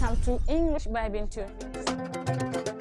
welcome to English Baby in Two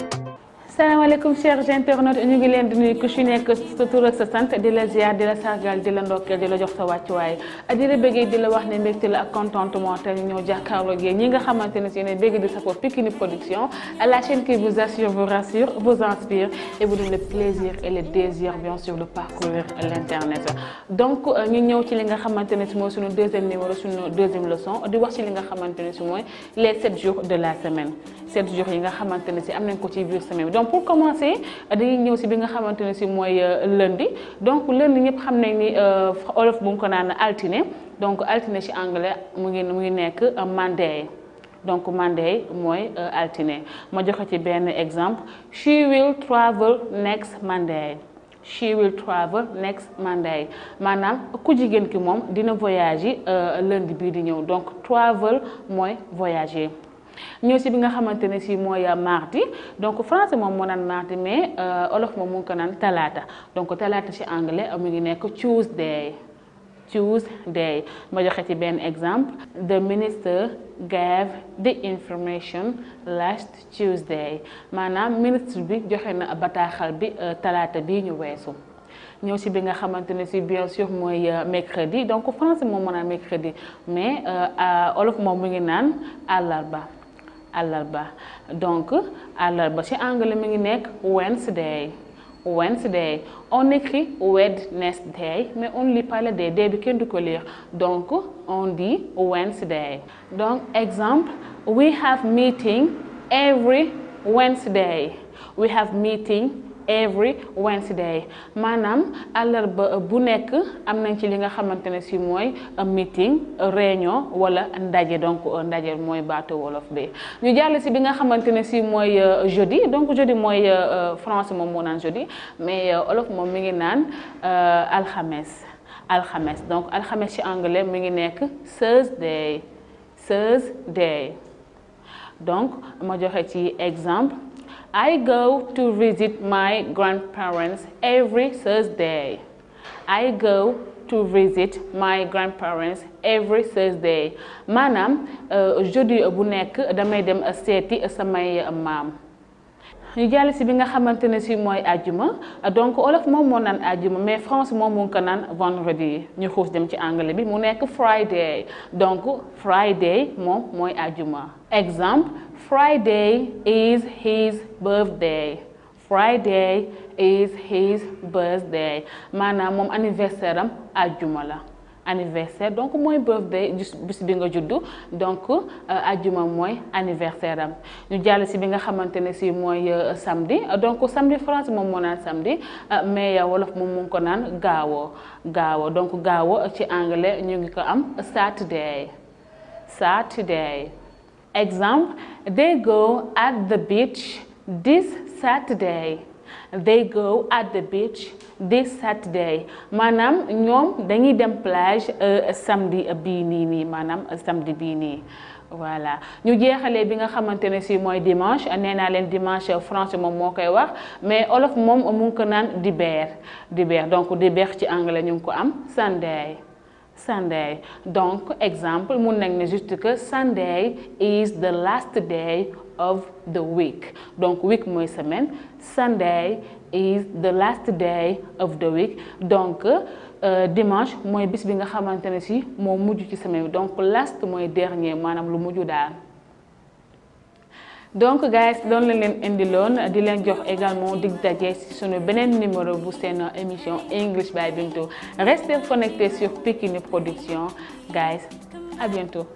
salaamaaleykum chers internautes ñu ngi leen di nuyu ku ci nekk sa tur ak sa sant di la ziar di la sargal di la ndokkeel di la jox sa wàccuwaay di la bëggee di la wax ne mbégte la ak contentement te ñoo jàkkaarloo ak ñi nga xamante ne si yéen bëgg di support Pikini Production la chaîne qui vous assure vous rassure vous inspire et vous donne le plaisir et le désir bien sûr de parcourir l'internet donc euh, ñu ñëw ci li nga xamante ne si mooy suñu deuxième numéro suñu deuxième leçon di wax ci li nga xamante ne si mooy les 7 jours de la semaine sept jours yi nga xamante ne si am nañ ko ci biir semaine bi pour commencer dañuy ñëw si bi nga xamantene ci moy euh, lundi donc lundi ñëpp xam nañ ni euh, olof bu mu ko naan altine donc altiné ci anglais mu ngi mu ngi nekk euh, Monday donc Monday moy altine ma joxe ci ben exemple she will travel next Monday. she will travel next Monday manam ku jigen ki mom dina voyager lundi bi di ñëw donc travel moy voyager. Nous sommes euh, mardi donc français mon mardi mais euh, olof moom mon le donc talata, anglais euh, ngi Tuesday Tuesday vais joxe donner un exemple the minister gave the information last Tuesday le ministre bi joxe na bataaxal bi talaata bii ñu bien sûr mercredi donc français mon mercredi mais olof àllarba donc alors, c'est anglais mi ngi Wednesday Wednesday on écrit Wednesday mais on ne lit pas le day du lire donc on dit Wednesday donc exemple we have meeting every Wednesday we have meeting every Wednesday Manam un bu nek am nañ ci li nga xamantene si euh, meeting euh, réunion wala ndaje donc euh, ndaje moy baatu wolof bi ñu jàll ci bi nga xamantene si jeudi donc jeudi moy France mom jeudi mais mi ngi donc alxames ci anglais mi ngi Thursday Thursday donc ma joxe exemple. I go to visit my grandparents every Thursday. I go to visit my grandparents every Thursday maanaam eh, jeudi bu nekk damay dem seeti samay maam ñu jàll si bi nga xamante ne si mooy àjjuma donc olof moom moo naan àjjuma mais France moom mu ngi ko naan vendredi ñu xuus dem ci anglais bi mu nekk Friday donc Friday moom mooy àjjuma exemple Friday is his birthday Friday is his birthday maanaam moom anniversaire am àjjuma la. anniversaire donc moy birthday bis bi nga juddou donc euh, aljuma moy anniversaire am ñu jall ci bi nga xamantene ci moy euh, samedi donc samedi France mom mona samedi euh, mais wolof mom mon ko nan gawo gawo donc gawo ci anglais ñu ngi ko am Saturday Saturday exemple they go at the beach this Saturday they go at the beach this Saturday Manam ñom dañuy dem plage euh, samedi bi ni ni manam euh, samedi bi ni. voilà ñu jéxalé bi nga xamante ne si mooy dimanche néna len dimanche euh, français mom moo koy wax mais olof moom mu ngi ko naan dibeer dibeer donc dibeer ci anglais ñu ko am Sunday Sunday donc exemple mon juste que Sunday is the last day of the week donc week semaine Sunday is the last day of the week donc euh, dimanche je bis bi nga xamante si semaine donc last dernier manam lu mujj da donc guys dans la lendemain, indiloon di leen jox également dig daje si sunu numéro de seen émission English by Bintou restez connectés sur Pikini Productions, guys à bientôt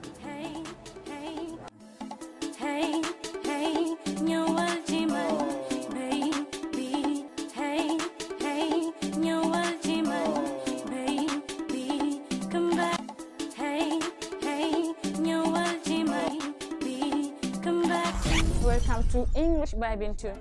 welcome to English by Bintu.